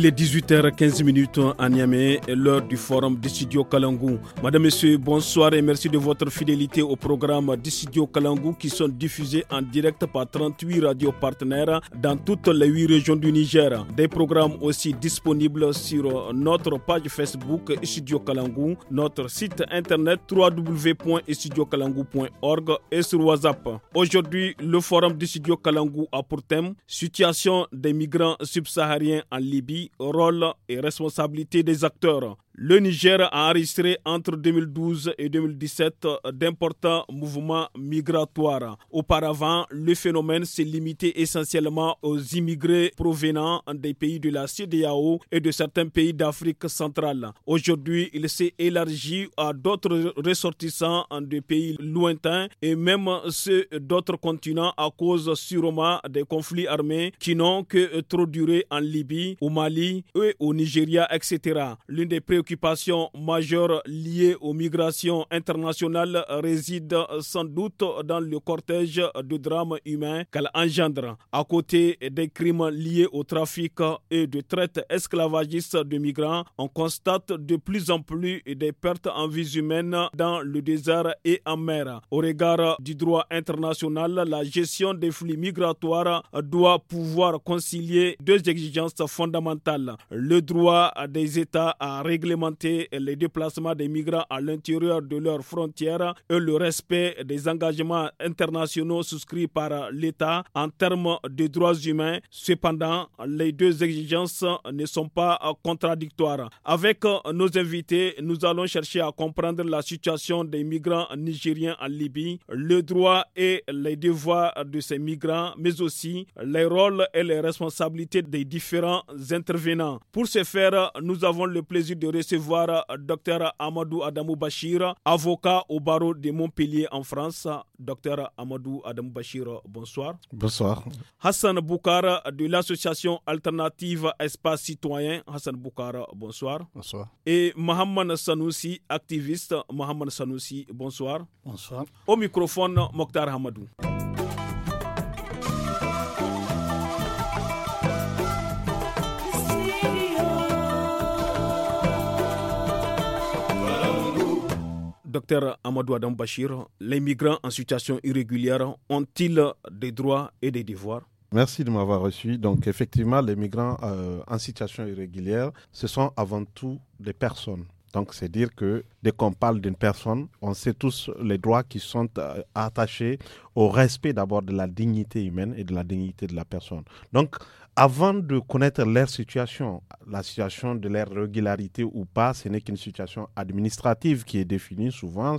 Il est 18h15 à Niamey, l'heure du forum Dissidio Kalangou. Madame, Monsieur, bonsoir et merci de votre fidélité au programme Dissidio Kalangou qui sont diffusés en direct par 38 radios partenaires dans toutes les 8 régions du Niger. Des programmes aussi disponibles sur notre page Facebook Studio Kalangou, notre site internet www.estudiokalangou.org et sur WhatsApp. Aujourd'hui, le forum Dissidio Kalangou a pour thème Situation des migrants subsahariens en Libye rôle et responsabilité des acteurs. Le Niger a enregistré entre 2012 et 2017 d'importants mouvements migratoires. Auparavant, le phénomène s'est limité essentiellement aux immigrés provenant des pays de la CDAO et de certains pays d'Afrique centrale. Aujourd'hui, il s'est élargi à d'autres ressortissants de pays lointains et même ceux d'autres continents à cause sûrement des conflits armés qui n'ont que trop duré en Libye, au Mali au Nigeria, etc. des préoccupation majeure liée aux migrations internationales réside sans doute dans le cortège de drames humains qu'elle engendre, à côté des crimes liés au trafic et de traite esclavagiste de migrants, on constate de plus en plus des pertes en vies humaines dans le désert et en mer. Au regard du droit international, la gestion des flux migratoires doit pouvoir concilier deux exigences fondamentales. Le droit des États à régler les déplacements des migrants à l'intérieur de leurs frontières et le respect des engagements internationaux souscrits par l'État en termes de droits humains. Cependant, les deux exigences ne sont pas contradictoires. Avec nos invités, nous allons chercher à comprendre la situation des migrants nigériens en Libye, le droit et les devoirs de ces migrants, mais aussi les rôles et les responsabilités des différents intervenants. Pour ce faire, nous avons le plaisir de recevoir euh, Dr Amadou Adamou Bachir, avocat au barreau de Montpellier en France. Docteur Amadou Adamou Bachir, bonsoir. Bonsoir. Hassan Boukara de l'association Alternative Espace Citoyen. Hassan Boukara, bonsoir. Bonsoir. Et Mohamed Sanoussi, activiste. Mohamed Sanoussi, bonsoir. Bonsoir. Au microphone, Mokhtar Hamadou. Amadou Adam Bachir, les migrants en situation irrégulière ont-ils des droits et des devoirs Merci de m'avoir reçu. Donc effectivement, les migrants euh, en situation irrégulière, ce sont avant tout des personnes. Donc, c'est dire que dès qu'on parle d'une personne, on sait tous les droits qui sont euh, attachés au respect d'abord de la dignité humaine et de la dignité de la personne. Donc, avant de connaître leur situation, la situation de leur régularité ou pas, ce n'est qu'une situation administrative qui est définie souvent,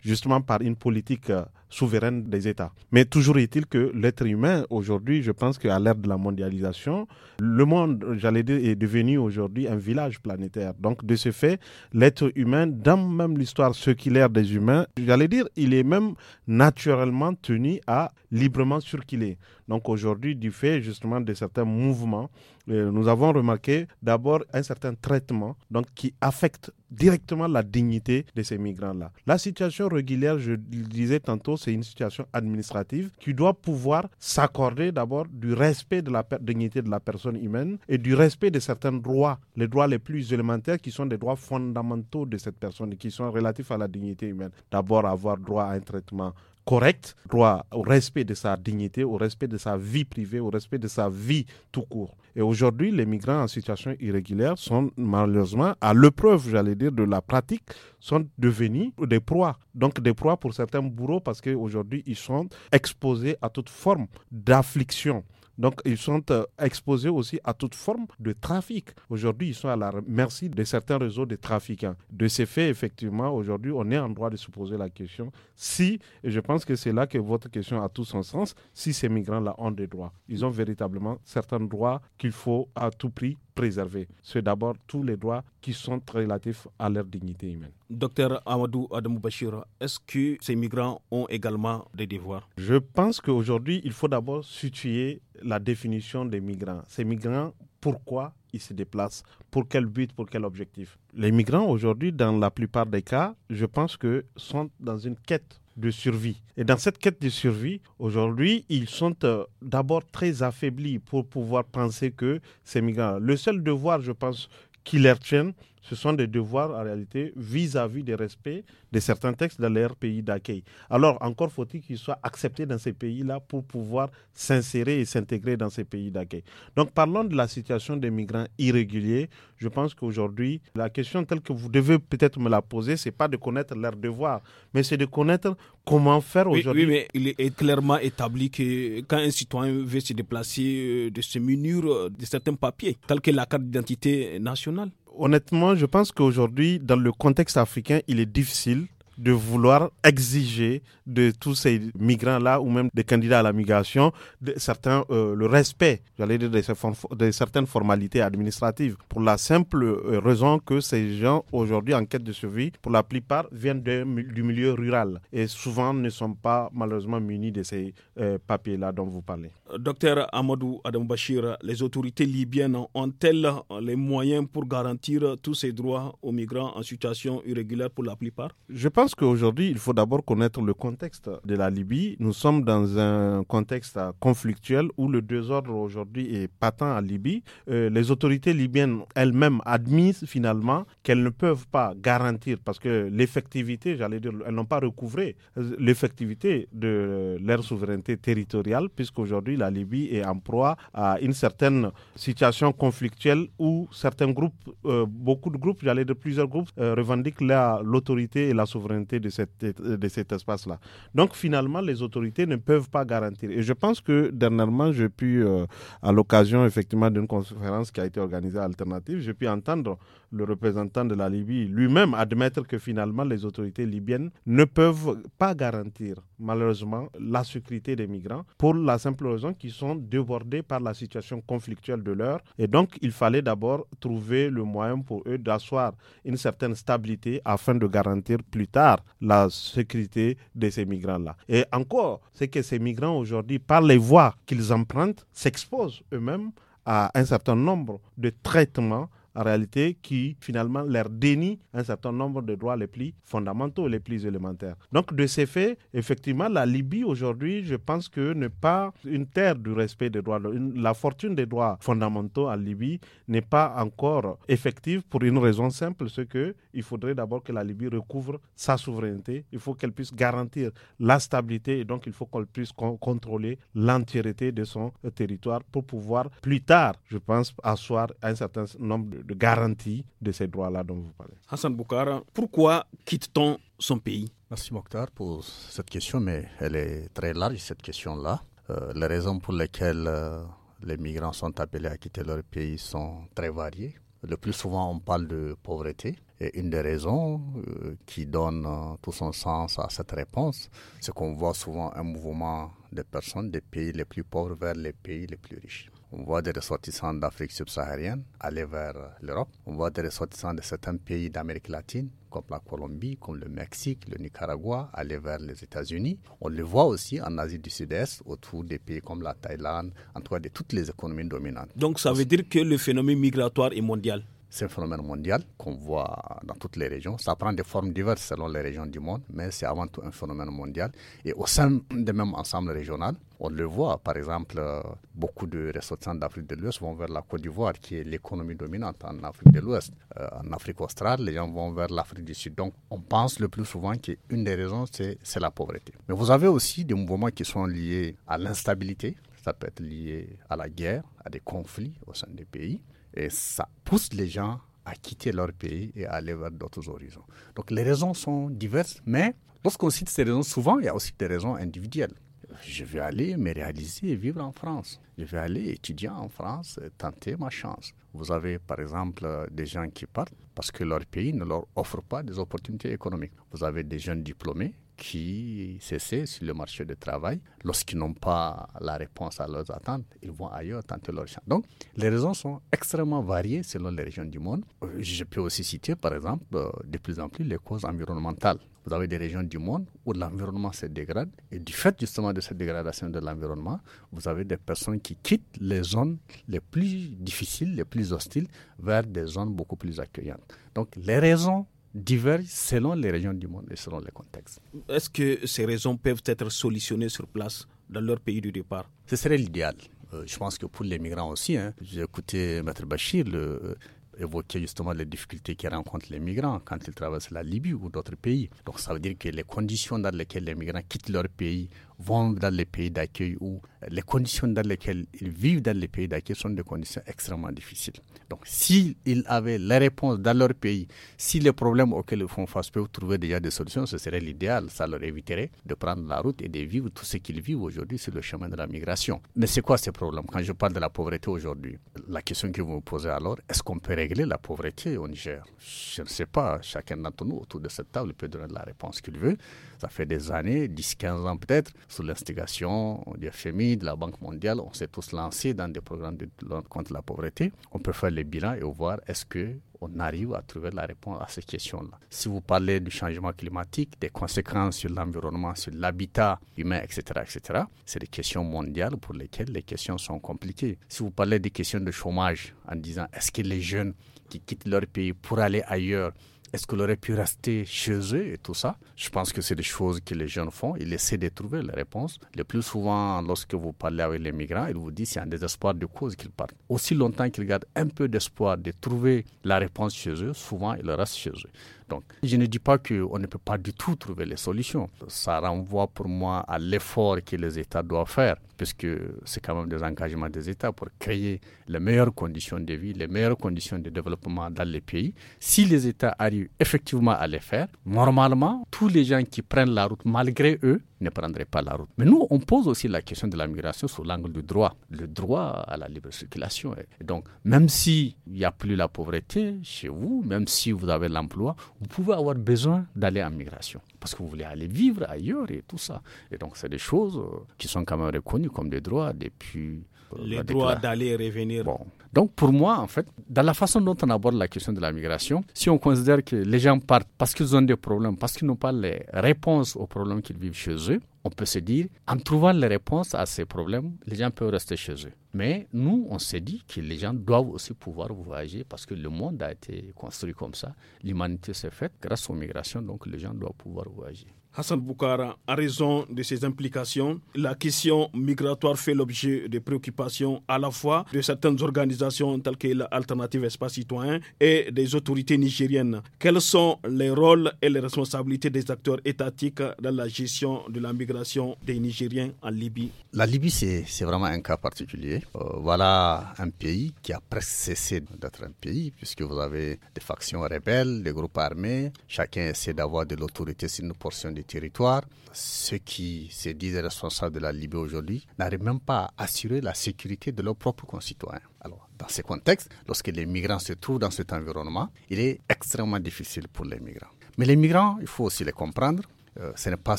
justement par une politique euh, souveraine des États. Mais toujours est-il que l'être humain, aujourd'hui, je pense qu'à l'ère de la mondialisation, le monde, j'allais dire, est devenu aujourd'hui un village planétaire. Donc, de ce fait, l'être humain, dans même l'histoire circulaire des humains, j'allais dire, il est même naturellement tenu à librement circuler. Donc, aujourd'hui, du fait justement de certains mouvements, euh, nous avons remarqué d'abord un certain traitement donc, qui affecte directement la dignité de ces migrants-là. La situation régulière, je le disais tantôt, c'est une situation administrative qui doit pouvoir s'accorder d'abord du respect de la dignité de la personne humaine et du respect de certains droits, les droits les plus élémentaires qui sont des droits fondamentaux de cette personne, et qui sont relatifs à la dignité humaine. D'abord, avoir droit à un traitement correct, droit au respect de sa dignité, au respect de sa vie privée, au respect de sa vie tout court. Et aujourd'hui, les migrants en situation irrégulière sont malheureusement, à l'épreuve, j'allais dire, de la pratique, sont devenus des proies. Donc des proies pour certains bourreaux parce qu'aujourd'hui, ils sont exposés à toute forme d'affliction. Donc, ils sont euh, exposés aussi à toute forme de trafic. Aujourd'hui, ils sont à la merci de certains réseaux de trafiquants. De ces faits, effectivement, aujourd'hui, on est en droit de se poser la question si, et je pense que c'est là que votre question a tout son sens, si ces migrants-là ont des droits. Ils ont véritablement certains droits qu'il faut à tout prix préserver. C'est d'abord tous les droits qui sont relatifs à leur dignité humaine. Docteur Amadou Adamou Bachir, est-ce que ces migrants ont également des devoirs Je pense qu'aujourd'hui, il faut d'abord situer la définition des migrants. Ces migrants, pourquoi ils se déplacent Pour quel but Pour quel objectif Les migrants, aujourd'hui, dans la plupart des cas, je pense que sont dans une quête de survie. Et dans cette quête de survie, aujourd'hui, ils sont euh, d'abord très affaiblis pour pouvoir penser que ces migrants. Le seul devoir, je pense, qui leur tiennent, ce sont des devoirs en réalité vis-à-vis des respects de certains textes dans leur pays d'accueil. Alors encore faut-il qu'ils soient acceptés dans ces pays-là pour pouvoir s'insérer et s'intégrer dans ces pays d'accueil. Donc parlons de la situation des migrants irréguliers. Je pense qu'aujourd'hui, la question telle que vous devez peut-être me la poser, c'est pas de connaître leurs devoirs, mais c'est de connaître comment faire aujourd'hui. Oui, mais il est clairement établi que quand un citoyen veut se déplacer, euh, de se munir euh, de certains papiers, tels que la carte d'identité nationale honnêtement, je pense qu'aujourd'hui, dans le contexte africain, il est difficile de vouloir exiger de tous ces migrants-là ou même des candidats à la migration de certains, euh, le respect, j'allais dire, de, certaines formalités administratives pour la simple euh, raison que ces gens aujourd'hui en quête de survie, pour la plupart, viennent du milieu rural et souvent ne sont pas malheureusement munis de ces euh, papiers-là dont vous parlez. Docteur Amadou Adam Bachir, les autorités libyennes ont-elles les moyens pour garantir tous ces droits aux migrants en situation irrégulière pour la plupart Je pense pense qu'aujourd'hui, il faut d'abord connaître le contexte de la Libye. Nous sommes dans un contexte conflictuel où le désordre aujourd'hui est patent à Libye. Euh, les autorités libyennes elles-mêmes admisent finalement qu'elles ne peuvent pas garantir, parce que l'effectivité, j'allais dire, elles n'ont pas recouvré euh, l'effectivité de leur souveraineté territoriale, puisqu'aujourd'hui, la Libye est en proie à une certaine situation conflictuelle où certains groupes, euh, beaucoup de groupes, j'allais dire plusieurs groupes, revendiquent l'autorité et la souveraineté de, cette, de cet espace-là. Donc finalement, les autorités ne peuvent pas garantir. Et je pense que dernièrement, j'ai pu, euh, à l'occasion effectivement d'une conférence qui a été organisée à Alternative, j'ai pu entendre le représentant de la Libye lui-même admettre que finalement les autorités libyennes ne peuvent pas garantir malheureusement la sécurité des migrants pour la simple raison qu'ils sont débordés par la situation conflictuelle de l'heure. Et donc il fallait d'abord trouver le moyen pour eux d'asseoir une certaine stabilité afin de garantir plus tard la sécurité de ces migrants-là. Et encore, c'est que ces migrants aujourd'hui, par les voies qu'ils empruntent, s'exposent eux-mêmes à un certain nombre de traitements en réalité, qui finalement leur dénie un certain nombre de droits les plus fondamentaux, les plus élémentaires. Donc, de ces faits, effectivement, la Libye aujourd'hui, je pense que n'est pas une terre du respect des droits. la fortune des droits fondamentaux en Libye n'est pas encore effective pour une raison simple, c'est que il faudrait d'abord que la Libye recouvre sa souveraineté. Il faut qu'elle puisse garantir la stabilité et donc il faut qu'elle puisse contrôler l'entièreté de son euh, territoire pour pouvoir plus tard, je pense, asseoir un certain nombre de de garantie de ces droits-là dont vous parlez. Hassan Boukara, pourquoi quitte-t-on son pays Merci Mokhtar pour cette question, mais elle est très large, cette question-là. Euh, les raisons pour lesquelles euh, les migrants sont appelés à quitter leur pays sont très variées. Le plus souvent, on parle de pauvreté, et une des raisons euh, qui donne euh, tout son sens à cette réponse, c'est qu'on voit souvent un mouvement des personnes des pays les plus pauvres vers les pays les plus riches. On voit des ressortissants d'Afrique subsaharienne aller vers euh, l'Europe. On voit des ressortissants de certains pays d'Amérique latine, comme la Colombie, comme le Mexique, le Nicaragua, aller vers les États-Unis. On le voit aussi en Asie du Sud-Est, autour des pays comme la Thaïlande, en tout cas de toutes les économies dominantes. Donc ça veut dire que le phénomène migratoire est mondial c'est un phénomène mondial qu'on voit dans toutes les régions. Ça prend des formes diverses selon les régions du monde, mais c'est avant tout un phénomène mondial. Et au sein des mêmes ensembles régionaux, on le voit. Par exemple, euh, beaucoup de ressortissants d'Afrique de l'Ouest vont vers la Côte d'Ivoire, qui est l'économie dominante en Afrique de l'Ouest. Euh, en Afrique australe, les gens vont vers l'Afrique du Sud. Donc, on pense le plus souvent qu'une des raisons, c'est la pauvreté. Mais vous avez aussi des mouvements qui sont liés à l'instabilité. Ça peut être lié à la guerre, à des conflits au sein des pays. Et ça pousse les gens à quitter leur pays et à aller vers d'autres horizons. Donc les raisons sont diverses, mais lorsqu'on cite ces raisons, souvent, il y a aussi des raisons individuelles. Je vais aller me réaliser et vivre en France. Je vais aller étudier en France et tenter ma chance. Vous avez par exemple des gens qui partent parce que leur pays ne leur offre pas des opportunités économiques. Vous avez des jeunes diplômés qui cessent sur le marché du travail. Lorsqu'ils n'ont pas la réponse à leurs attentes, ils vont ailleurs tenter leur chance. Donc, les raisons sont extrêmement variées selon les régions du monde. Euh, je peux aussi citer, par exemple, euh, de plus en plus les causes environnementales. Vous avez des régions du monde où l'environnement se dégrade et du fait justement de cette dégradation de l'environnement, vous avez des personnes qui quittent les zones les plus difficiles, les plus hostiles vers des zones beaucoup plus accueillantes. Donc les raisons divers selon les régions du monde et selon les contextes. Est-ce que ces raisons peuvent être solutionnées sur place dans leur pays de départ Ce serait l'idéal. Euh, je pense que pour les migrants aussi, hein. j'ai écouté Maître Bachir euh, évoquer justement les difficultés qu'ils rencontrent les migrants quand ils traversent la Libye ou d'autres pays. Donc ça veut dire que les conditions dans lesquelles les migrants quittent leur pays vont dans les pays d'accueil où les conditions dans lesquelles ils vivent dans les pays d'accueil sont des conditions extrêmement difficiles. Donc, s'ils avaient les réponses dans leur pays, si les problèmes auxquels ils font face peuvent trouver déjà des solutions, ce serait l'idéal. Ça leur éviterait de prendre la route et de vivre tout ce qu'ils vivent aujourd'hui sur le chemin de la migration. Mais c'est quoi ces problèmes Quand je parle de la pauvreté aujourd'hui, la question que vous me posez alors, est-ce qu'on peut régler la pauvreté au Niger Je ne sais pas. Chacun d'entre nous autour de cette table peut donner la réponse qu'il veut. Ça fait des années, 10, 15 ans peut-être, sous l'instigation du FMI, de la Banque mondiale, on s'est tous lancés dans des programmes de lutte contre la pauvreté. On peut faire les bilans et voir est-ce que on arrive à trouver la réponse à ces questions-là. Si vous parlez du changement climatique, des conséquences sur l'environnement, sur l'habitat humain, etc., etc., c'est des questions mondiales pour lesquelles les questions sont compliquées. Si vous parlez des questions de chômage en disant est-ce que les jeunes qui quittent leur pays pour aller ailleurs est-ce qu'on aurait pu rester chez eux et tout ça Je pense que c'est des choses que les jeunes font. Ils essaient de trouver la réponse. Le plus souvent, lorsque vous parlez avec les migrants, ils vous disent qu'il y a un désespoir de cause qu'ils partent. Aussi longtemps qu'ils gardent un peu d'espoir de trouver la réponse chez eux, souvent ils restent chez eux. Donc, je ne dis pas qu'on ne peut pas du tout trouver les solutions. Ça renvoie pour moi à l'effort que les États doivent faire, puisque c'est quand même des engagements des États pour créer les meilleures conditions de vie, les meilleures conditions de développement dans les pays. Si les États arrivent effectivement à les faire, normalement, tous les gens qui prennent la route malgré eux ne prendrait pas la route. Mais nous, on pose aussi la question de la migration sous l'angle du droit, le droit à la libre circulation. Et donc, même s'il n'y a plus la pauvreté chez vous, même si vous avez l'emploi, vous pouvez avoir besoin d'aller en migration parce que vous voulez aller vivre ailleurs et tout ça. Et donc, c'est des choses euh, qui sont quand même reconnues comme des droits depuis euh, les droits d'aller et revenir. Donc pour moi, en fait, dans la façon dont on aborde la question de la migration, si on considère que les gens partent parce qu'ils ont des problèmes, parce qu'ils n'ont pas les réponses aux problèmes qu'ils vivent chez eux, on peut se dire, en trouvant les réponses à ces problèmes, les gens peuvent rester chez eux. Mais nous, on s'est dit que les gens doivent aussi pouvoir voyager parce que le monde a été construit comme ça. L'humanité s'est faite grâce aux migrations, donc les gens doivent pouvoir voyager. Hassan Boukara, à raison de ses implications, la question migratoire fait l'objet de préoccupations à la fois de certaines organisations telles que l'Alternative Espace Citoyen et des autorités nigériennes. Quels sont les rôles et les responsabilités des acteurs étatiques dans la gestion de la migration des Nigériens en Libye La Libye, c'est vraiment un cas particulier. Euh, voilà un pays qui a presque cessé d'être un pays, puisque vous avez des factions rebelles, des groupes armés, chacun essaie d'avoir de l'autorité sur une portion du territoire, ceux qui se disent responsables de la Libye aujourd'hui n'arrivent même pas à assurer la sécurité de leurs propres concitoyens. Alors, dans ce contexte, lorsque les migrants se trouvent dans cet environnement, il est extrêmement difficile pour les migrants. Mais les migrants, il faut aussi les comprendre. Euh, ce n'est pas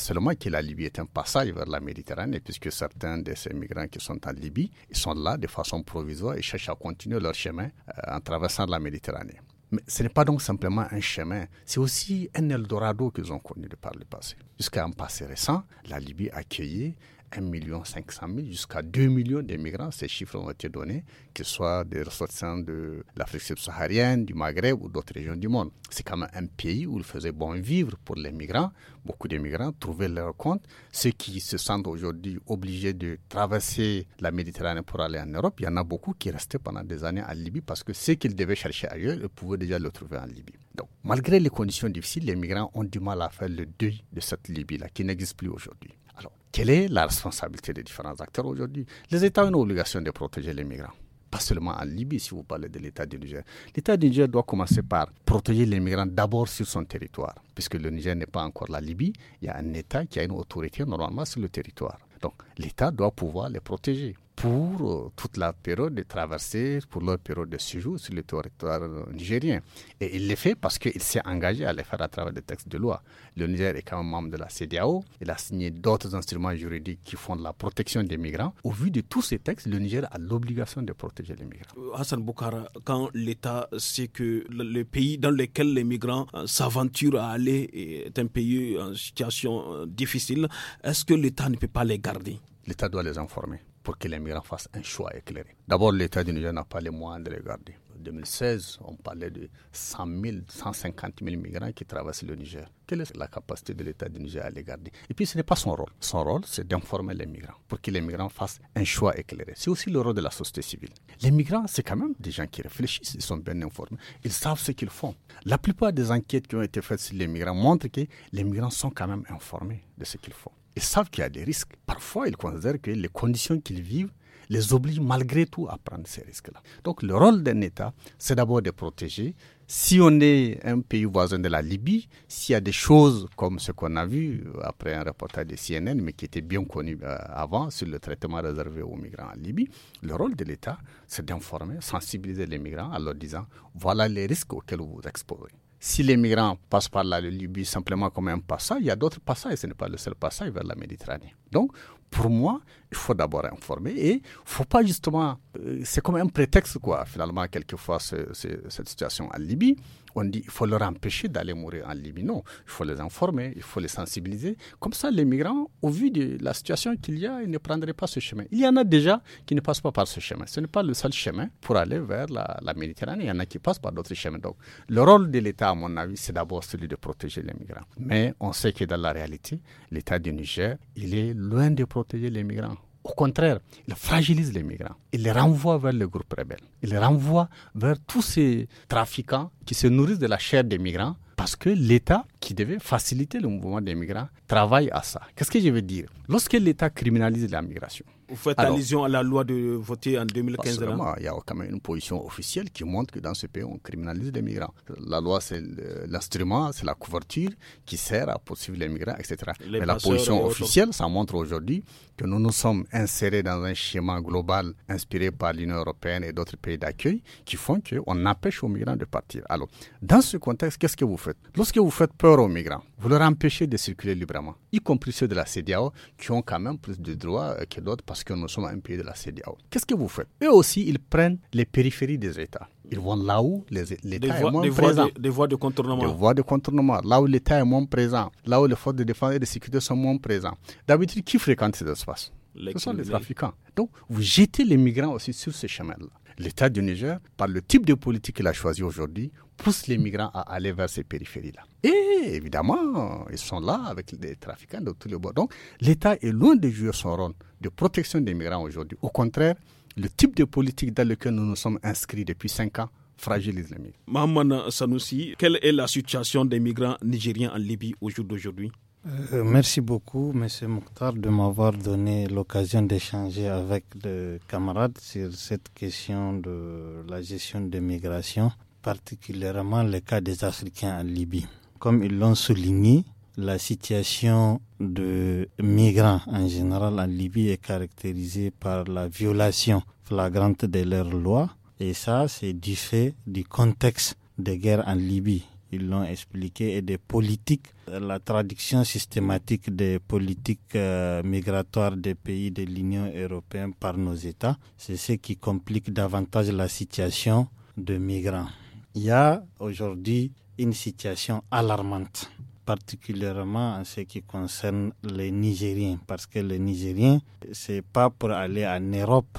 seulement que la Libye est un passage vers la Méditerranée, puisque certains de ces migrants qui sont en Libye, ils sont là de façon provisoire et cherchent à continuer leur chemin euh, en traversant la Méditerranée. Mais ce n'est pas donc simplement un chemin, c'est aussi un Eldorado qu'ils ont connu de par le passé. Jusqu'à un passé récent, la Libye accueillait 1 million 500 jusqu'à 2 millions d'immigrants. Ces chiffres ont été donnés, qu'ils soient des ressortissants de l'Afrique subsaharienne, du Maghreb ou d'autres régions du monde. C'est quand même un pays où il faisait bon vivre pour les migrants. Beaucoup d'immigrants trouvaient leur compte. Ceux qui se sentent aujourd'hui obligés de traverser la Méditerranée pour aller en Europe, il y en a beaucoup qui restaient pendant des années en Libye parce que ce qu'ils devaient chercher ailleurs, ils pouvaient déjà le trouver en Libye. Donc, malgré les conditions difficiles, les migrants ont du mal à faire le deuil de cette Libye-là qui n'existe plus aujourd'hui. Alors, quelle est la responsabilité des différents acteurs aujourd'hui Les États ont une obligation de protéger les migrants. Pas seulement en Libye, si vous parlez de l'État du Niger. L'État du Niger doit commencer par protéger les migrants d'abord sur son territoire, puisque le Niger n'est pas encore la Libye. Il y a un État qui a une autorité normalement sur le territoire. Donc l'État doit pouvoir les protéger pour euh, toute la période de traversée, pour leur période de séjour sur le territoire euh, nigérien. Et il le fait parce qu'il s'est engagé à le faire à travers des textes de loi. Le Niger est quand même membre de la CDAO. Il a signé d'autres instruments juridiques qui font de la protection des migrants. Au vu de tous ces textes, le Niger a l'obligation de protéger les migrants. Euh, Hassan Boukara, quand l'État sait que le pays dans lequel les migrants s'aventurent à aller est un pays en situation difficile, est-ce que l'État ne peut pas les garder L'État doit les informer pour que les migrants fassent un choix éclairé. D'abord, l'État du Niger n'a pas les moyens de les garder. En 2016, on parlait de 100 000, 150 000 migrants qui traversent le Niger. Quelle est la capacité de l'État du Niger à les garder Et puis, ce n'est pas son rôle. Son rôle, c'est d'informer les migrants pour que les migrants fassent un choix éclairé. C'est aussi le rôle de la société civile. Les migrants, c'est quand même des gens qui réfléchissent, ils sont bien informés, ils savent ce qu'ils font. La plupart des enquêtes qui ont été faites sur les migrants montrent que les migrants sont quand même informés de ce qu'ils font. Ils savent qu'il y a des risques. Parfois, ils considèrent que les conditions qu'ils vivent les obligent malgré tout à prendre ces risques-là. Donc le rôle d'un État, c'est d'abord de protéger. Si on est un pays voisin de la Libye, s'il y a des choses comme ce qu'on a vu euh, après un reportage de CNN, mais qui était bien connu euh, avant sur le traitement réservé aux migrants en Libye, le rôle de l'État, c'est d'informer, sensibiliser les migrants en leur disant, voilà les risques auxquels vous vous exposez si les migrants passent par la Libye simplement comme un passage, il y a d'autres passages, ce n'est pas le seul passage vers la Méditerranée. Donc, pour moi, il faut d'abord informer et il ne faut pas justement. Euh, c'est comme un prétexte, quoi, finalement, quelquefois, cette situation en Libye. On dit il faut leur empêcher d'aller mourir en Libye. Non, il faut les informer, il faut les sensibiliser. Comme ça, les migrants, au vu de la situation qu'il y a, ils ne prendraient pas ce chemin. Il y en a déjà qui ne passent pas par ce chemin. Ce n'est pas le seul chemin pour aller vers la, la Méditerranée. Il y en a qui passent par d'autres chemins. Donc, le rôle de l'État, à mon avis, c'est d'abord celui de protéger les migrants. Mais on sait que dans la réalité, l'État du Niger, il est loin de protéger protéger les migrants. Au contraire, il fragilise les migrants. Il les renvoie vers le groupe rebelles. Il les renvoie vers tous ces trafiquants qui se nourrissent de la chair des migrants parce que l'État, qui devait faciliter le mouvement des migrants, travaille à ça. Qu'est-ce que je veux dire Lorsque l'État criminalise la migration, vous faites allusion à la loi de voter en 2015 pas Il y a quand même une position officielle qui montre que dans ce pays, on criminalise les migrants. La loi, c'est l'instrument, c'est la couverture qui sert à poursuivre les migrants, etc. Mais la position officielle, ça montre aujourd'hui que nous nous sommes insérés dans un schéma global inspiré par l'Union européenne et d'autres pays d'accueil qui font qu'on empêche aux migrants de partir. Alors, dans ce contexte, qu'est-ce que vous faites Lorsque vous faites peur aux migrants, vous leur empêchez de circuler librement, y compris ceux de la CDAO qui ont quand même plus de droits euh, que d'autres parce que nous sommes un pays de la CDAO. Qu'est-ce que vous faites Eux aussi, ils prennent les périphéries des États ils vont là où l'État est moins présent. des voies de contournement. Des voies de contournement, là où l'État est moins présent, là où les forces de défense et de sécurité sont moins présentes. D'habitude, qui fréquente ces espaces Ce sont les trafiquants. Donc, vous jetez les migrants aussi sur ce chemin-là. L'État du Niger, par le type de politique qu'il a choisi aujourd'hui, pousse les migrants à aller vers ces périphéries-là. Et évidemment, ils sont là avec des trafiquants de tous les bords. Donc, l'État est loin de jouer son rôle de protection des migrants aujourd'hui. Au contraire, le type de politique dans lequel nous nous sommes inscrits depuis cinq ans fragilise les migrants. Mahamana Sanoussi, quelle est la situation des migrants nigériens en Libye au jour d'aujourd'hui euh, euh, Merci beaucoup, M. Mokhtar, de m'avoir donné l'occasion d'échanger avec des camarades sur cette question de la gestion des migrations, particulièrement le cas des Africains en Libye. Comme ils l'ont souligné, la situation de migrants en général en Libye est caractérisée par la violation flagrante de leurs lois. Et ça, c'est du fait du contexte des guerres en Libye. Ils l'ont expliqué, et des politiques, la traduction systématique des politiques euh, migratoires des pays de l'Union européenne par nos États, c'est ce qui complique davantage la situation de migrants. Il y a aujourd'hui une situation alarmante particulièrement en ce qui concerne les Nigériens, parce que les Nigériens, c'est pas pour aller en Europe,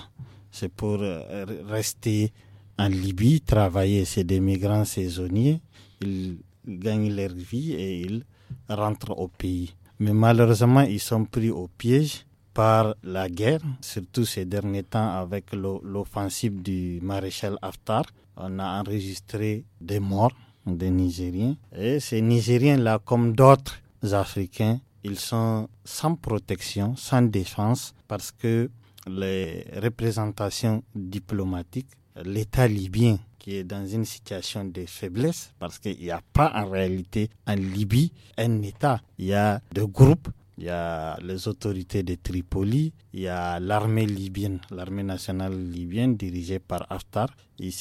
c'est pour euh, rester en Libye, travailler. C'est des migrants saisonniers, ils gagnent leur vie et ils rentrent au pays. Mais malheureusement, ils sont pris au piège par la guerre, surtout ces derniers temps avec l'offensive du maréchal Haftar. On a enregistré des morts des Nigériens. Et ces Nigériens-là, comme d'autres Africains, ils sont sans protection, sans défense, parce que les représentations diplomatiques, l'État libyen, qui est dans une situation de faiblesse, parce qu'il n'y a pas en réalité en Libye un État. Il y a des groupes il y a les autorités de Tripoli, il y a l'armée libyenne, l'armée nationale libyenne dirigée par Haftar. Ils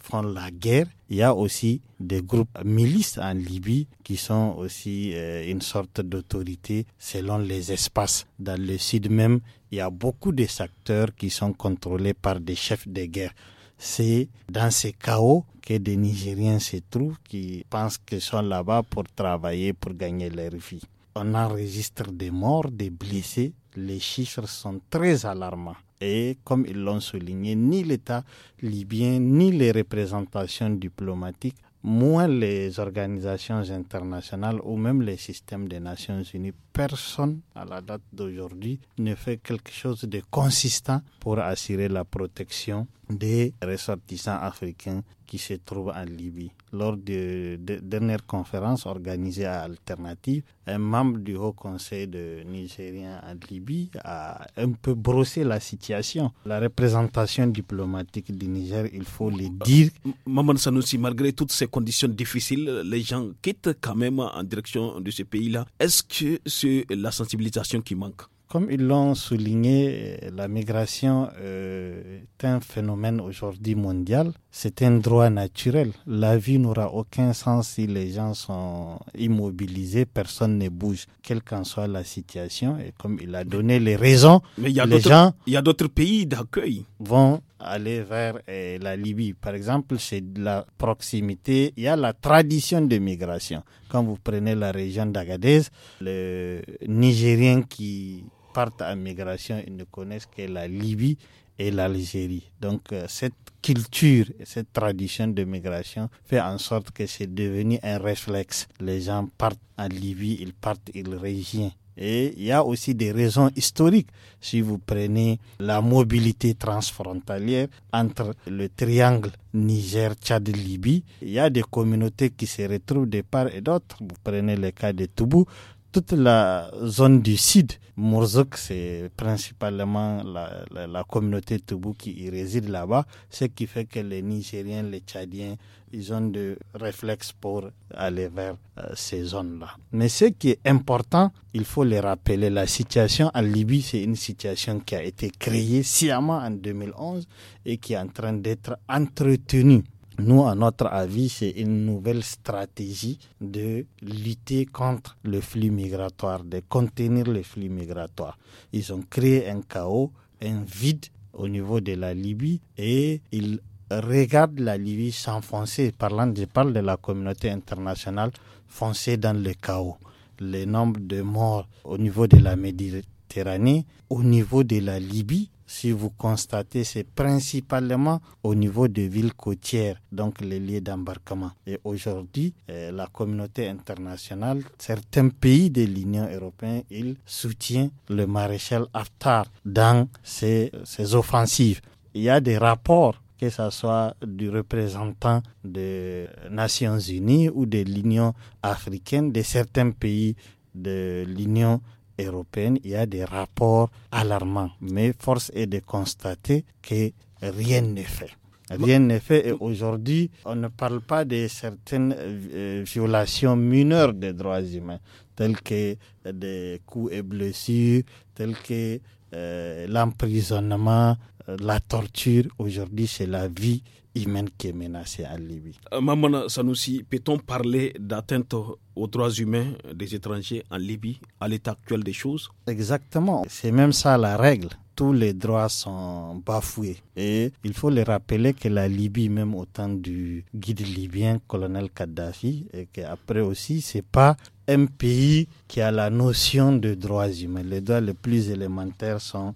font la guerre. Il y a aussi des groupes milices en Libye qui sont aussi euh, une sorte d'autorité selon les espaces. Dans le sud même, il y a beaucoup de secteurs qui sont contrôlés par des chefs de guerre c'est dans ce chaos que des Nigériens se trouvent qui pensent qu'ils sont là-bas pour travailler, pour gagner leur vie on enregistre des morts, des blessés. Les chiffres sont très alarmants. Et comme ils l'ont souligné, ni l'État libyen, ni les représentations diplomatiques, moins les organisations internationales ou même les systèmes des Nations Unies, personne à la date d'aujourd'hui ne fait quelque chose de consistant pour assurer la protection des ressortissants africains qui se trouve en Libye. Lors de, la dernière conférence organisée à Alternative, un membre du Haut Conseil de nigérien en Libye a un peu brossé la situation. La représentation diplomatique du Niger, il faut le euh, dire. Maman Sanoussi, malgré toutes ces conditions difficiles, les gens quittent quand même en direction de ce pays-là. Est-ce que c'est la sensibilisation qui manque comme ils l'ont souligné, euh, la migration euh, est un phénomène aujourd'hui mondial. C'est un droit naturel. La vie n'aura aucun sens si les gens sont immobilisés, personne ne bouge, quelle qu'en soit la situation. Et comme il a donné les raisons, Mais les gens... Il y a d'autres pays d'accueil. Vont aller vers eh, la Libye. Par exemple, c'est de la proximité. Il y a la tradition de migration. Quand vous prenez la région d'Agadez, les Nigériens qui partent en migration, ils ne connaissent que la Libye et l'Algérie. Donc euh, cette culture et cette tradition de migration fait en sorte que c'est devenu un réflexe. Les gens partent en Libye, ils partent, ils reviennent et il y a aussi des raisons historiques. Si vous prenez la mobilité transfrontalière entre le triangle Niger, Tchad, Libye, il y a des communautés qui se retrouvent de part et d'autre. Vous prenez le cas de Toubou toute la zone du sud, Mourzouk, c'est principalement la, communauté Toubou qui y réside là-bas, ce qui fait que les Nigériens, les Tchadiens, ils ont des réflexes pour aller vers euh, ces zones-là. Mais ce qui est important, il faut le rappeler, la situation en Libye, c'est une situation qui a été créée sciemment en 2011 et qui est en train d'être entretenue nous, à notre avis, c'est une nouvelle stratégie de lutter contre le flux migratoire, de contenir le flux migratoire. Ils ont créé un chaos, un vide au niveau de la Libye et ils regardent la Libye s'enfoncer, parlant, je parle de la communauté internationale, foncée dans le chaos. Le nombre de morts au niveau de la Méditerranée, au niveau de la Libye, si vous constatez, c'est principalement au niveau des villes côtières, donc les lieux d'embarquement. Et aujourd'hui, euh, la communauté internationale, certains pays de l'Union européenne, ils soutiennent le maréchal Haftar dans ses, offensives. Il y a des rapports que ce soit du représentant des Nations Unies ou de l'Union africaine, de certains pays de l'Union européenne, il y a des rapports alarmants. Mais force est de constater que rien n'est fait. Rien n'est fait et aujourd'hui, on ne parle pas de certaines euh, violations mineures des droits humains, telles que euh, des coups et blessures, telles que euh, l'emprisonnement, la torture. Aujourd'hui, c'est la vie humaine qui est menacée en Libye. Maman euh, Mamana Sanoussi, peut-on parler d'atteinte aux droits humains des étrangers en Libye à l'état actuel des choses Exactement, c'est même ça la règle. Tous les droits sont bafoués. Et il faut le rappeler que la Libye, même au temps du guide libyen, colonel Kadhafi, et qu'après aussi, c'est pas un pays qui a la notion de droits humains. Les droits les plus élémentaires sont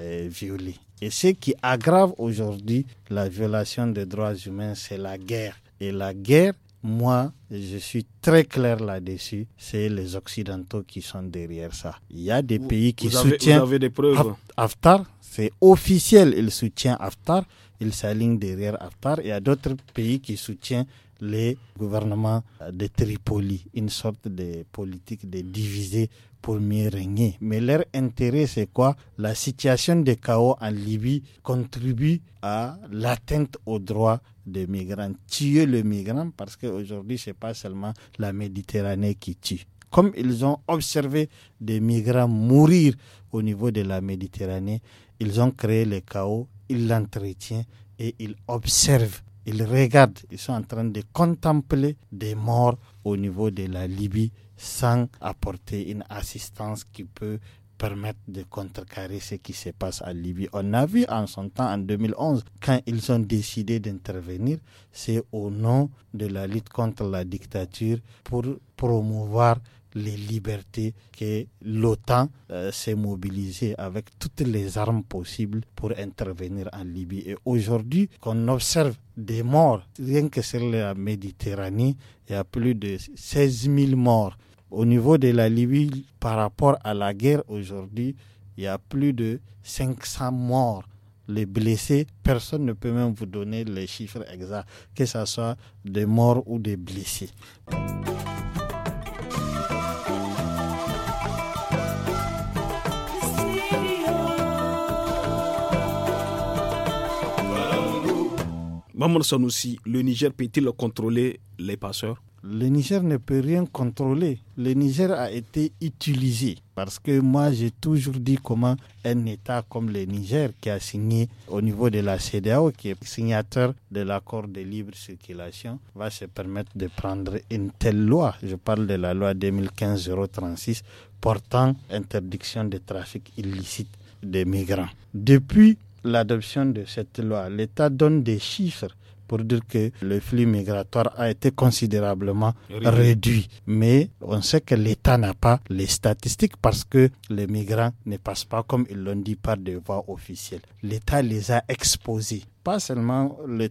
euh, violés. Et ce qui aggrave aujourd'hui la violation des droits humains, c'est la guerre. Et la guerre, moi, je suis très clair là-dessus. C'est les Occidentaux qui sont derrière ça. Il y a des pays qui soutiennent des Haftar. C'est officiel, il soutient Haftar. Il s'aligne derrière Haftar. Il y a d'autres pays qui soutiennent les gouvernements de Tripoli, une sorte de politique de diviser pour mieux régner. Mais leur intérêt, c'est quoi La situation de chaos en Libye contribue à l'atteinte aux droits des migrants. Tuer le migrant, parce qu'aujourd'hui, ce n'est pas seulement la Méditerranée qui tue. Comme ils ont observé des migrants mourir au niveau de la Méditerranée, ils ont créé le chaos, ils l'entretiennent et ils observent ils regardent, ils sont en train de contempler des morts au niveau de la Libye sans apporter une assistance qui peut permettre de contrecarrer ce qui se passe à Libye. On a vu en son temps, en 2011, quand ils ont décidé d'intervenir, c'est au nom de la lutte contre la dictature pour promouvoir les libertés que l'OTAN euh, s'est mobilisée avec toutes les armes possibles pour intervenir en Libye. Et aujourd'hui, qu'on observe des morts, rien que sur la Méditerranée, il y a plus de 16 000 morts. Au niveau de la Libye, par rapport à la guerre aujourd'hui, il y a plus de 500 morts les blessés, personne ne peut même vous donner les chiffres exacts, que ce soit des morts ou des blessés. Maman aussi le Niger peut-il contrôler les passeurs le Niger ne peut rien contrôler. Le Niger a été utilisé parce que moi j'ai toujours dit comment un État comme le Niger qui a signé au niveau de la CDAO, qui est signateur de l'accord de libre circulation, va se permettre de prendre une telle loi. Je parle de la loi 2015-036 portant interdiction de trafic illicite des migrants. Depuis l'adoption de cette loi, l'État donne des chiffres pour dire que le flux migratoire a été considérablement réduit. Mais on sait que l'État n'a pas les statistiques parce que les migrants ne passent pas, comme ils l'ont dit, par des voies officielles. L'État les a exposés. Pas seulement les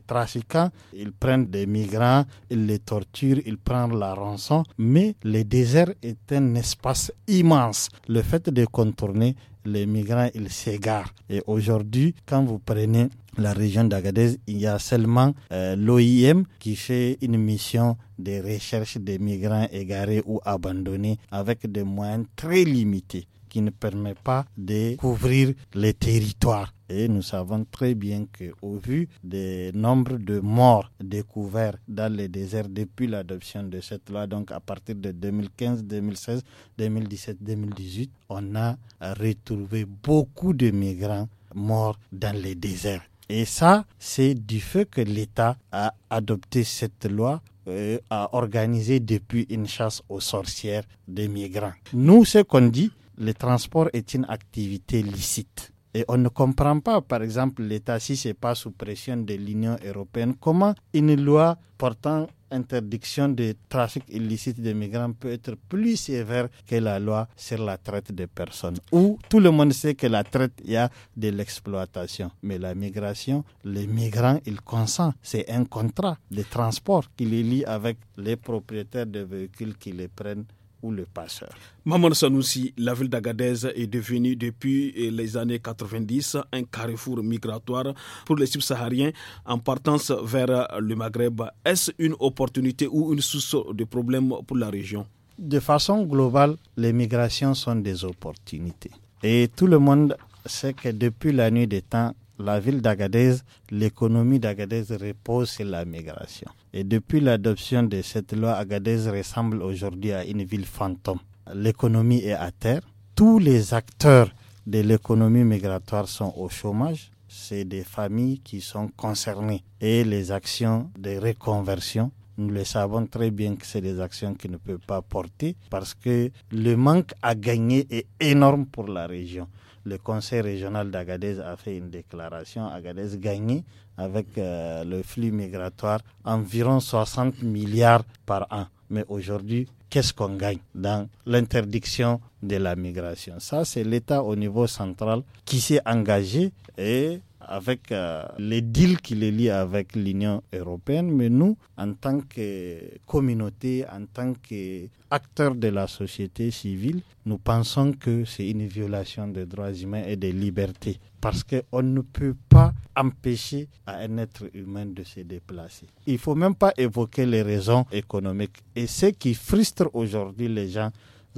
trafiquants, ils prennent des migrants, ils les torturent, ils prennent la rançon, mais le désert est un espace immense. Le fait de contourner les migrants, ils s'égarent. Et aujourd'hui, quand vous prenez la région d'Agadez, il y a seulement euh, l'OIM qui fait une mission de recherche des migrants égarés ou abandonnés avec des moyens très limités qui ne permet pas de couvrir les territoires. Et nous savons très bien qu'au vu des nombres de morts découverts dans les déserts depuis l'adoption de cette loi, donc à partir de 2015, 2016, 2017, 2018, on a retrouvé beaucoup de migrants morts dans les déserts. Et ça, c'est du fait que l'État a adopté cette loi euh, a organisé depuis une chasse aux sorcières des migrants. Nous, ce qu'on dit, le transport est une activité licite. Et on ne comprend pas, par exemple, l'État, si ce n'est pas sous pression de l'Union européenne, comment une loi portant interdiction de trafic illicite de migrants peut être plus sévère que la loi sur la traite des personnes. Où tout le monde sait que la traite, il y a de l'exploitation. Mais la migration, les migrants, ils consentent. C'est un contrat de transport qui les lie avec les propriétaires de véhicules qui les prennent ou le passeur. Maman Sanoussi, la ville d'Agadez est devenue depuis euh, les années 90 un carrefour migratoire pour les subsahariens en partance vers le Maghreb. Est-ce une opportunité ou une source de problèmes pour la région De façon globale, les migrations sont des opportunités. Et tout le monde sait que depuis la nuit des temps, la ville d'Agadez, l'économie d'Agadez repose sur la migration. Et depuis l'adoption de cette loi, Agadez ressemble aujourd'hui à une ville fantôme. L'économie est à terre. Tous les acteurs de l'économie migratoire sont au chômage. C'est des familles qui sont concernées. Et les actions de reconversion nous le savons très bien que c'est des actions qui ne peuvent pas porter parce que le manque à gagner est énorme pour la région le Conseil régional d'Agadez a fait une déclaration. Agadez gagnait avec euh, le flux migratoire environ 60 milliards par an. Mais aujourd'hui, qu'est-ce qu'on gagne dans l'interdiction de la migration Ça, c'est l'État au niveau central qui s'est engagé et avec euh, les deals qui les lient avec l'Union européenne, mais nous, en tant que communauté, en tant qu'acteurs de la société civile, nous pensons que c'est une violation des droits humains et des libertés, parce qu'on ne peut pas empêcher un être humain de se déplacer. Il ne faut même pas évoquer les raisons économiques. Et ce qui frustre aujourd'hui les gens,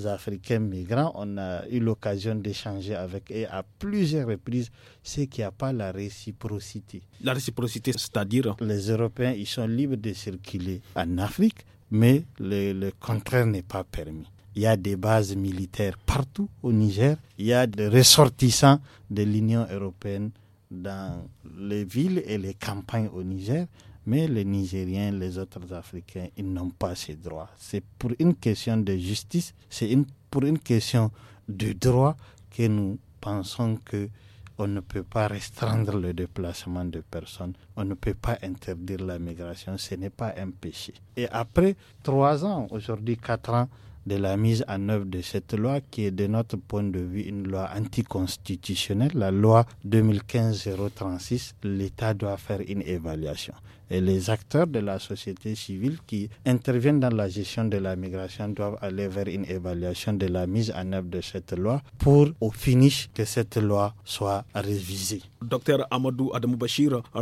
Africains migrants. On a eu l'occasion d'échanger avec eux à plusieurs reprises, c'est qu'il n'y a pas la réciprocité. La réciprocité, c'est-à-dire Les Européens, ils sont libres de circuler en Afrique, mais le, le contraire n'est pas permis. Il y a des bases militaires partout au Niger. Il y a des ressortissants de l'Union européenne dans les villes et les campagnes au Niger. Mais les Nigériens, les autres Africains, ils n'ont pas ces droits. C'est pour une question de justice, c'est pour une question du droit que nous pensons que on ne peut pas restreindre le déplacement de personnes, on ne peut pas interdire la migration, ce n'est pas un péché. Et après trois ans, aujourd'hui quatre ans, de la mise en œuvre de cette loi qui est de notre point de vue une loi anticonstitutionnelle, la loi 2015-036, l'État doit faire une évaluation et les acteurs de la société civile qui interviennent dans la gestion de la migration doivent aller vers une évaluation de la mise en œuvre de cette loi pour au finish que cette loi soit révisée. Docteur Amadou Adamou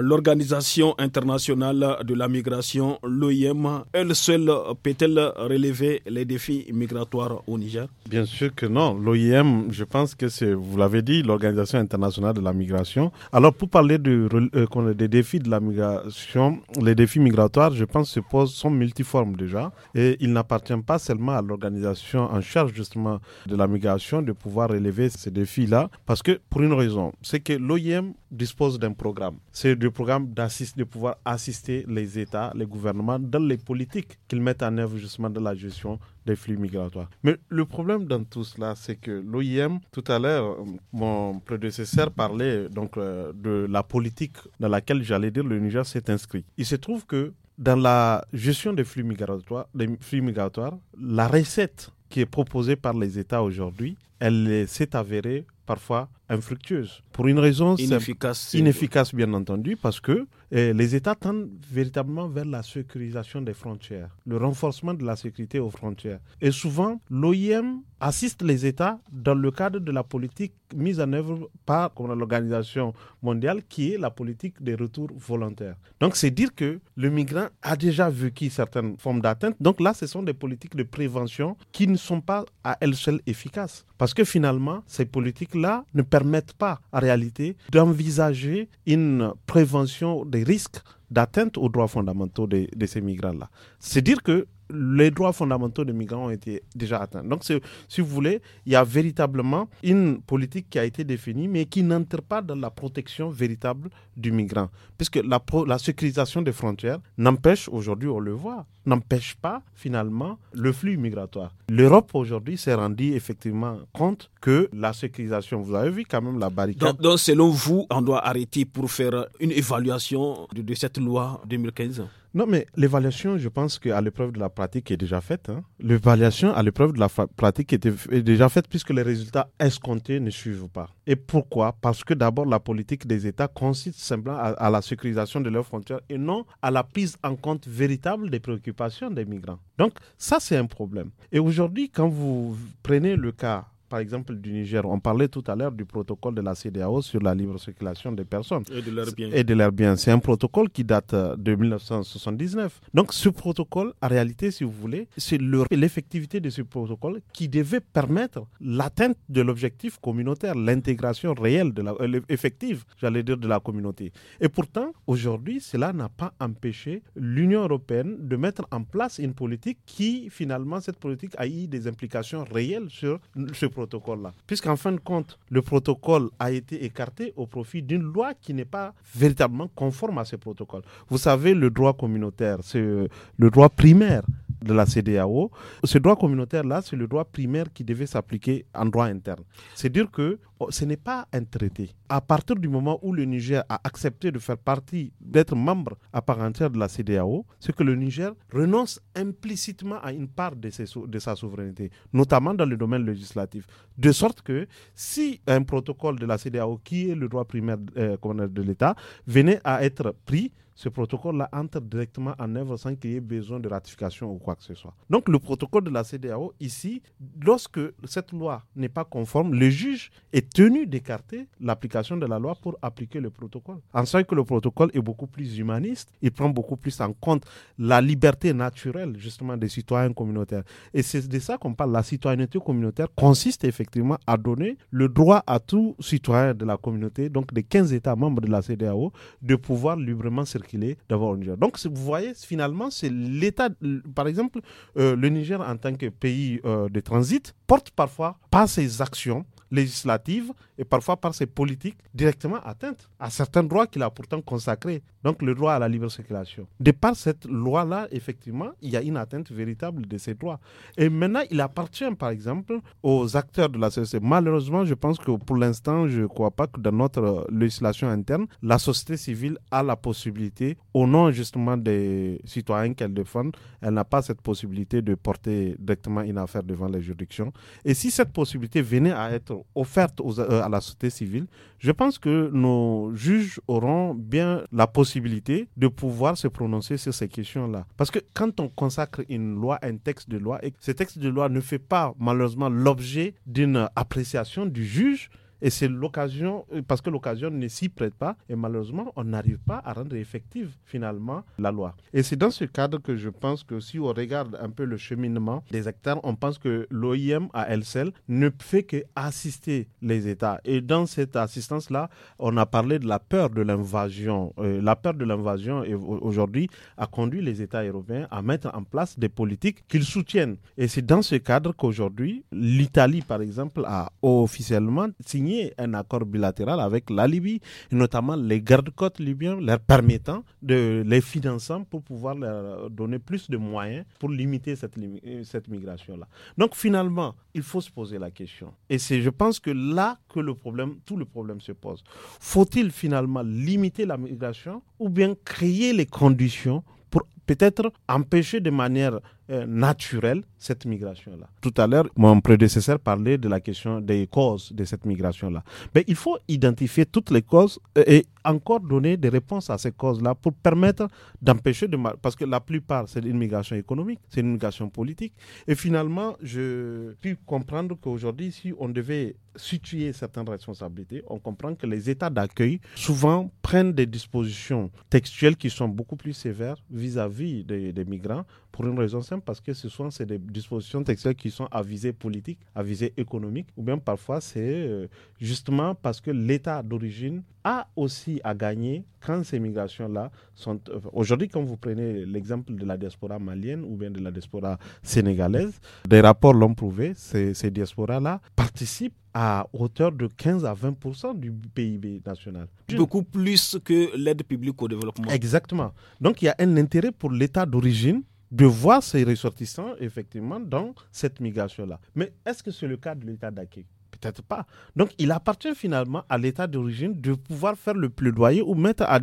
l'Organisation internationale de la migration, l'OIM, elle seule peut-elle relever les défis migratoires au Niger Bien sûr que non. L'OIM, je pense que c'est, vous l'avez dit, l'Organisation internationale de la migration. Alors pour parler de, euh, des défis de la migration, les défis migratoires, je pense, se posent, sont multiformes déjà. Et il n'appartient pas seulement à l'organisation en charge justement de la migration de pouvoir relever ces défis-là. Parce que pour une raison, c'est que l'OIM dispose d'un programme. C'est le programme de pouvoir assister les États, les gouvernements dans les politiques qu'ils mettent en œuvre justement de la gestion des flux migratoires. Mais le problème dans tout cela, c'est que l'OIM, tout à l'heure, mon prédécesseur parlait donc euh, de la politique dans laquelle j'allais dire le Niger s'est inscrit. Il se trouve que dans la gestion des flux migratoires, des flux migratoires la recette qui est proposée par les États aujourd'hui, elle s'est avérée parfois infructueuse. Pour une raison inefficace, inefficace bien entendu, parce que eh, les États tendent véritablement vers la sécurisation des frontières, le renforcement de la sécurité aux frontières. Et souvent, l'OIM assiste les États dans le cadre de la politique mise en œuvre par l'Organisation mondiale, qui est la politique des retours volontaires. Donc, c'est dire que le migrant a déjà vécu certaines formes d'atteinte. Donc là, ce sont des politiques de prévention qui ne sont pas à elles seules efficaces, parce que finalement, ces politiques-là ne permettent permettent pas, en réalité, d'envisager une prévention des risques d'atteinte aux droits fondamentaux de, ces migrants-là. C'est dire que les droits fondamentaux des migrants ont été déjà atteints. Donc, si vous voulez, il y a véritablement une politique qui a été définie, mais qui n'entre pas dans la protection véritable du migrant. Puisque la sécurisation des frontières n'empêche aujourd'hui, on le voit, n'empêche pas finalement le flux migratoire. L'Europe aujourd'hui s'est rendue effectivement compte que la sécurisation, vous avez vu quand même la barricade. Donc, selon vous, on doit arrêter pour faire une évaluation de, cette loi 2015 non, mais l'évaluation, je pense qu'à l'épreuve de la pratique est déjà faite. Hein. L'évaluation à l'épreuve de la pratique est déjà faite puisque les résultats escomptés ne suivent pas. Et pourquoi Parce que d'abord, la politique des États consiste simplement à, la sécurisation de leurs frontières et non à la prise en compte véritable des préoccupations des migrants. Donc, ça, c'est un problème. Et aujourd'hui, quand vous prenez le cas par exemple, du Niger. On parlait tout à l'heure du protocole de la CDAO sur la libre circulation des personnes et de leurs biens. bien. C'est un protocole qui date euh, de 1979. Donc, ce protocole, en réalité, si vous voulez, c'est l'effectivité de ce protocole qui devait permettre l'atteinte de l'objectif communautaire, l'intégration réelle, de la, euh, effective, j'allais dire, de la communauté. Et pourtant, aujourd'hui, cela n'a pas empêché l'Union européenne de mettre en place une politique qui, finalement, cette politique a eu des implications réelles sur ce protocole protocole-là. Puisqu'en fin de compte, le protocole a été écarté au profit d'une loi qui n'est pas véritablement conforme à ce protocole. Vous savez, le droit communautaire, c'est euh, le droit primaire de la CDAO. Ce droit communautaire-là, c'est le droit primaire qui devait s'appliquer en droit interne. C'est dire que oh, ce n'est pas un traité. À partir du moment où le Niger a accepté de faire partie, d'être membre à part entière de la CDAO, c'est que le Niger renonce implicitement à une part de, sa souveraineté, notamment dans le domaine législatif. De sorte que si un protocole de la CDAO, qui est le droit primaire euh, de l'État, venait à être pris, ce protocole-là entre directement en œuvre sans qu'il y ait besoin de ratification ou quoi que ce soit. Donc le protocole de la CDAO, ici, lorsque cette loi n'est pas conforme, le juge est tenu d'écarter l'application de la loi pour appliquer le protocole. En soi que le protocole est beaucoup plus humaniste, il prend beaucoup plus en compte la liberté naturelle justement des citoyens communautaires. Et c'est de ça qu'on parle. La citoyenneté communautaire consiste effectivement à donner le droit à tout citoyen de la communauté, donc des 15 États membres de la CDAO, de pouvoir librement circuler qu'il est d'avoir au Niger. Donc vous voyez, finalement, c'est l'État, par exemple, euh, le Niger en tant que pays euh, de transit porte parfois pas ses actions législatives et parfois par ses politiques directement atteintes à certains droits qu'il a pourtant consacrés, donc le droit à la libre circulation. De par cette loi-là, effectivement, il y a une atteinte véritable de ces droits. Et maintenant, il appartient, par exemple, aux acteurs de la société. Malheureusement, je pense que pour l'instant, je ne crois pas que dans notre législation interne, la société civile a la possibilité, au nom justement des citoyens qu'elle défend, elle n'a pas cette possibilité de porter directement une affaire devant les juridictions. Et si cette possibilité venait à être offerte euh, à la société civile, je pense que nos juges auront bien la possibilité de pouvoir se prononcer sur ces questions-là. Parce que quand on consacre une loi, un texte de loi, et ce texte de loi ne fait pas malheureusement l'objet d'une appréciation du juge, et c'est l'occasion, euh, parce que l'occasion ne s'y prête pas, et malheureusement, on n'arrive pas à rendre effective finalement la loi. Et c'est dans ce cadre que je pense que si on regarde un peu le cheminement des acteurs, on pense que l'OIM à elle seule ne fait que assister les États. Et dans cette assistance-là, on a parlé de la peur de l'invasion. Euh, la peur de l'invasion aujourd'hui a conduit les États européens à mettre en place des politiques qu'ils soutiennent. Et c'est dans ce cadre qu'aujourd'hui, l'Italie, par exemple, a officiellement signé un accord bilatéral avec la Libye, notamment les gardes-côtes libyens, leur permettant de les financer pour pouvoir leur donner plus de moyens pour limiter cette, cette migration-là. Donc finalement, il faut se poser la question. Et c'est, je pense que là que le problème, tout le problème se pose. Faut-il finalement limiter la migration ou bien créer les conditions pour peut-être empêcher de manière euh, naturelle cette migration-là. Tout à l'heure, mon prédécesseur parlait de la question des causes de cette migration-là. Mais il faut identifier toutes les causes euh, et encore donner des réponses à ces causes-là pour permettre d'empêcher de... Parce que la plupart, c'est une migration économique, c'est une migration politique. Et finalement, je puis comprendre qu'aujourd'hui, si on devait situer certaines responsabilités, on comprend que les États d'accueil souvent prennent des dispositions textuelles qui sont beaucoup plus sévères vis-à-vis des migrants pour une raison simple parce que ce sont des dispositions textuelles qui sont à visée politique, à visée économique, ou bien parfois c'est euh, justement parce que l'État d'origine a aussi à gagner quand ces migrations-là sont... Euh, aujourd'hui, quand vous prenez l'exemple de la diaspora malienne ou bien de la diaspora sénégalaise, des rapports l'ont prouvé, ces, ces diasporas-là participent à hauteur de 15 à 20 du PIB national. Beaucoup plus que l'aide publique au développement. Exactement. Donc il y a un intérêt pour l'État d'origine de voir ces ressortissants effectivement dans cette migration-là. Mais est-ce que c'est le cas de l'État d'accueil Peut-être pas. Donc, il appartient finalement à l'État d'origine de pouvoir faire le plaidoyer ou mettre à,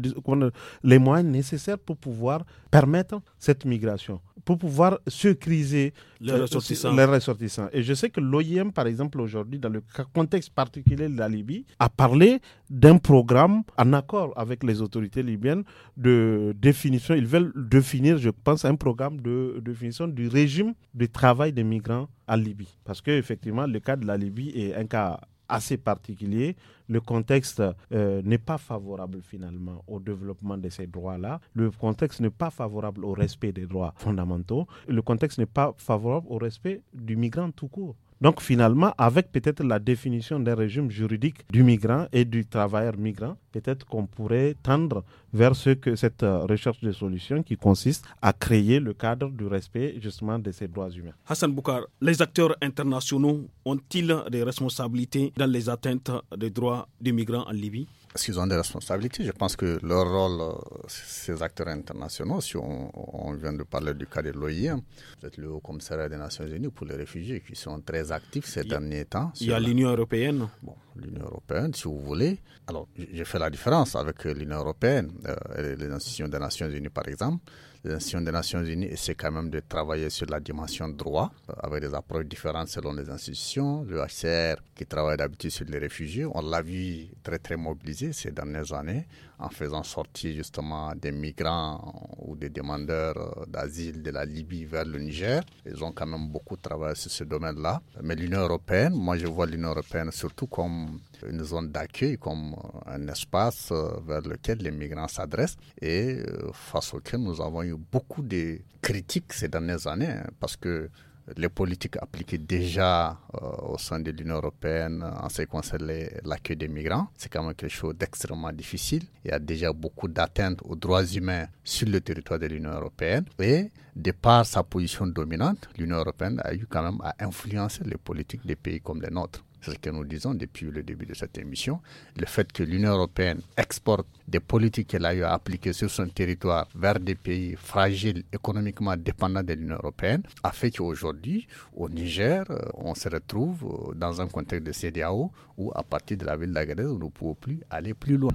les moyens nécessaires pour pouvoir permettre cette migration pour pouvoir secriser euh, euh, les ressortissants. Et je sais que l'OIM, par exemple, aujourd'hui, dans le contexte particulier de la Libye, a parlé d'un programme en accord avec les autorités libyennes de définition. Ils veulent définir, je pense, un programme de définition du régime de travail des migrants à Libye. Parce qu'effectivement, le cas de la Libye est un cas assez particulier. Le contexte euh, n'est pas favorable finalement au développement de ces droits-là. Le contexte n'est pas favorable au respect des droits fondamentaux. Le contexte n'est pas favorable au respect du migrant tout court. Donc finalement, avec peut-être la définition d'un régime juridique du migrant et du travailleur migrant, peut-être qu'on pourrait tendre vers ce que cette euh, recherche de solutions qui consiste à créer le cadre du respect justement de ces droits humains. Hassan Boukar, les acteurs internationaux ont-ils des responsabilités dans les atteintes des droits des migrants en Libye est-ce qu'ils ont des responsabilités. Je pense que leur rôle, euh, ces acteurs internationaux, si on, vient de parler du cas de l'OIM, peut-être le Haut Commissariat des Nations Unies pour les réfugiés qui sont très actifs ces derniers temps. Il y a l'Union européenne. Bon, l'Union européenne, si vous voulez. Alors, j'ai fait la différence avec euh, l'Union européenne euh, et les institutions des Nations unies, par exemple. Les institutions des Nations unies essaient quand même de travailler sur la dimension droit, euh, avec des approches différentes selon les institutions. Le HCR, qui travaille d'habitude sur les réfugiés, on l'a vu très, très mobilisé ces dernières années, en faisant sortir justement des migrants ou des demandeurs d'asile de la Libye vers le Niger. Ils ont quand même beaucoup travaillé sur ce domaine-là. Mais l'Union européenne, moi je vois l'Union européenne surtout comme une zone d'accueil, comme euh, un espace euh, vers lequel les migrants s'adressent et euh, face auquel nous avons eu beaucoup de critiques ces dernières années hein, parce que les politiques appliquées déjà au sein de l'Union européenne en ce qui concerne l'accueil des migrants, c'est quand même quelque chose d'extrêmement difficile. Il y a déjà beaucoup d'atteintes aux droits humains sur le territoire de l'Union européenne et de par sa position dominante, l'Union européenne a eu quand même à influencer les politiques des pays comme les nôtres c'est ce que nous disons depuis le début de cette émission, le fait que l'Union européenne exporte des politiques qu'elle a eu à appliquer sur son territoire vers des pays fragiles, économiquement dépendants de l'Union européenne, a fait qu'aujourd'hui, au Niger, euh, on se retrouve euh, dans un contexte de CDAO où, à partir de la ville d'Agadez, on ne pouvons plus aller plus loin.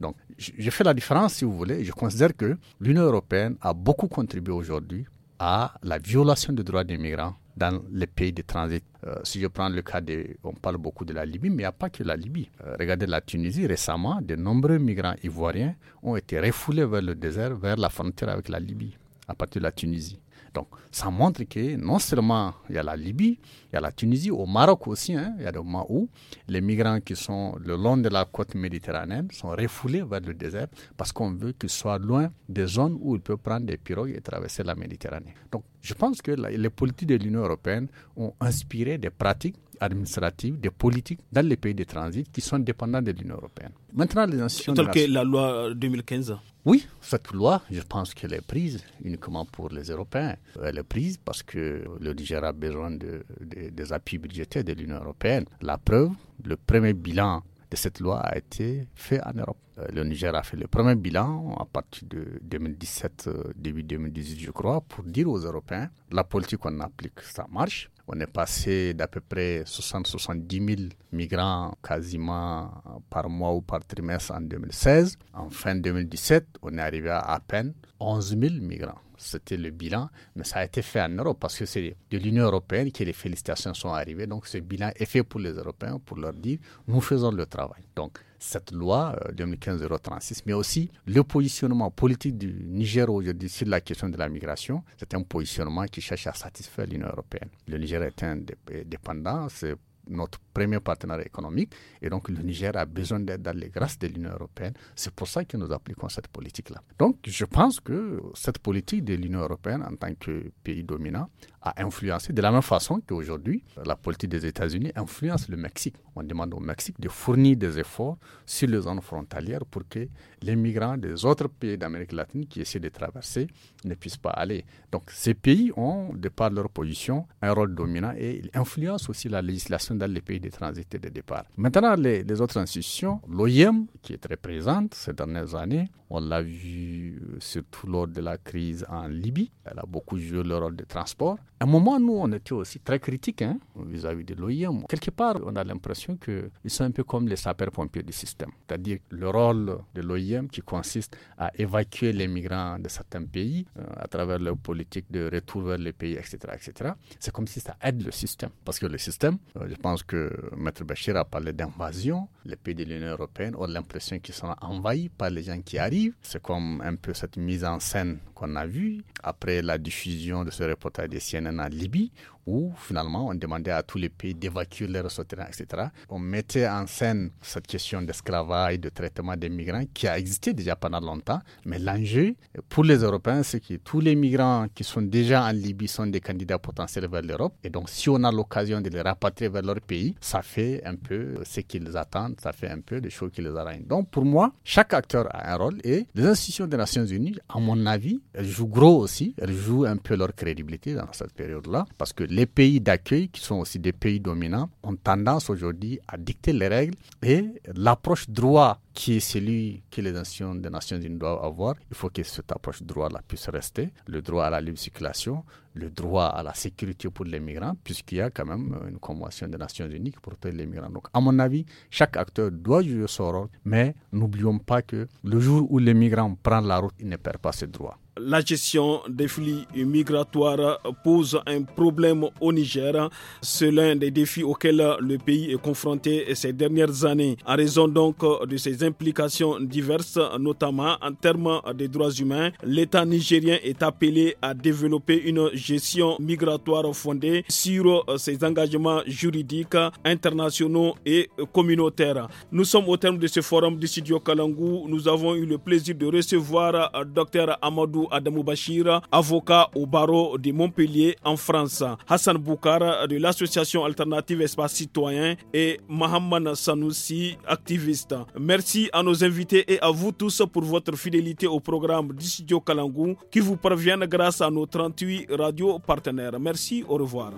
Donc, je fais la différence, si vous voulez. Je considère que l'Union européenne a beaucoup contribué aujourd'hui à la violation des droits des migrants dans les pays de transit. Euh, si je prends le cas de, on parle beaucoup de la Libye, mais il n'y a pas que la Libye. Euh, regardez la Tunisie, récemment, de nombreux migrants ivoiriens ont été refoulés vers le désert, vers la frontière avec la Libye, à partir de la Tunisie. Donc, ça montre que non seulement il y a la Libye, il y a la Tunisie, au Maroc aussi, hein, il y a des moments où les migrants qui sont le long de la côte méditerranéenne sont refoulés vers le désert parce qu'on veut qu'ils soient loin des zones où ils peuvent prendre des pirogues et traverser la Méditerranée. Donc, je pense que les politiques de l'Union européenne ont inspiré des pratiques administratives, des politiques dans les pays de transit qui sont dépendants de l'Union européenne. Maintenant, les institutions. que la loi 2015 Oui, cette loi, je pense qu'elle est prise uniquement pour les Européens euh, elle est prise parce que le Niger a besoin des appuis budgétaires de l'Union européenne. La preuve, le premier bilan de cette loi a été fait en Europe. Euh, le Niger a fait le premier bilan à partir de 2017, euh, début 2018, je crois, pour dire aux Européens la politique qu'on applique, ça marche. On est passé d'à peu près 60-70 000 migrants quasiment par mois ou par trimestre en 2016. En fin 2017, on est arrivé à à peine 11 000 migrants c'était le bilan, mais ça a été fait en Europe parce que c'est de l'Union européenne que les félicitations sont arrivées. Donc ce bilan est fait pour les Européens pour leur dire nous faisons le travail. Donc cette loi 2015-036, euh, mais aussi le positionnement politique du Niger aujourd'hui sur la question de la migration, c'est un positionnement qui cherche à satisfaire l'Union européenne. Le Niger est indépendant, c'est notre premier partenaire économique. Et donc, le Niger a besoin d'aide dans les grâces de l'Union européenne. C'est pour ça que nous appliquons cette politique-là. Donc, je pense que cette politique de l'Union européenne en tant que pays dominant a influencé de la même façon qu'aujourd'hui, la politique des États-Unis influence le Mexique. On demande au Mexique de fournir des efforts sur les zones frontalières pour que les migrants des autres pays d'Amérique latine qui essaient de traverser ne puissent pas aller. Donc ces pays ont, de par leur position, un rôle dominant et ils influencent aussi la législation dans les pays de transit et de départ. Maintenant, les, les autres institutions, l'OIM, qui est très présente ces dernières années, on l'a vu surtout lors de la crise en Libye, elle a beaucoup joué le rôle de transport un moment, nous, on était aussi très critiques hein, vis-à-vis de l'OIM. Quelque part, on a l'impression qu'ils sont un peu comme les sapeurs-pompiers du système. C'est-à-dire le rôle de l'OIM qui consiste à évacuer les migrants de certains pays euh, à travers leur politique de retour vers les pays, etc. etc. C'est comme si ça aide le système. Parce que le système, euh, je pense que Maître Bachir a parlé d'invasion. Les pays de l'Union européenne ont l'impression qu'ils sont envahis par les gens qui arrivent. C'est comme un peu cette mise en scène qu'on a vue après la diffusion de ce reportage des CNN à Libye, où finalement on demandait à tous les pays d'évacuer les ressortissants, etc. On mettait en scène cette question d'esclavage, de traitement des migrants qui a existé déjà pendant longtemps, mais l'enjeu pour les Européens, c'est que tous les migrants qui sont déjà en Libye sont des candidats potentiels vers l'Europe, et donc si on a l'occasion de les rapatrier vers leur pays, ça fait un peu ce qu'ils attendent, ça fait un peu des choses qui les arrangent. Donc pour moi, chaque acteur a un rôle, et les institutions des Nations Unies, à mon avis, elles jouent gros aussi, elles jouent un peu leur crédibilité dans cette période-là, parce que les pays d'accueil, qui sont aussi des pays dominants, ont tendance aujourd'hui à dicter les règles et l'approche droit qui est celui que les nations, des Nations Unies doivent avoir. Il faut que cette approche droit-là puisse rester. Le droit à la libre circulation, le droit à la sécurité pour les migrants, puisqu'il y a quand même une convention des Nations Unies pour protège les migrants. Donc, à mon avis, chaque acteur doit jouer son rôle, mais n'oublions pas que le jour où les migrants prennent la route, ils ne perdent pas ce droit. La gestion des flux migratoires pose un problème au Niger. C'est l'un des défis auxquels le pays est confronté ces dernières années. À raison donc de ces implications diverses, notamment en termes des droits humains, l'État nigérien est appelé à développer une gestion migratoire fondée sur euh, ses engagements juridiques internationaux et communautaires. Nous sommes au terme de ce forum du studio Kalangou. Nous avons eu le plaisir de recevoir euh, Dr Amadou Adamou avocat au barreau de Montpellier en France, Hassan Boukar euh, de l'association alternative Espace Citoyen et Mohamed Sanoussi, activiste. Merci Merci à nos invités et à vous tous pour votre fidélité au programme du studio Kalangou qui vous parvient grâce à nos 38 radios partenaires. Merci, au revoir.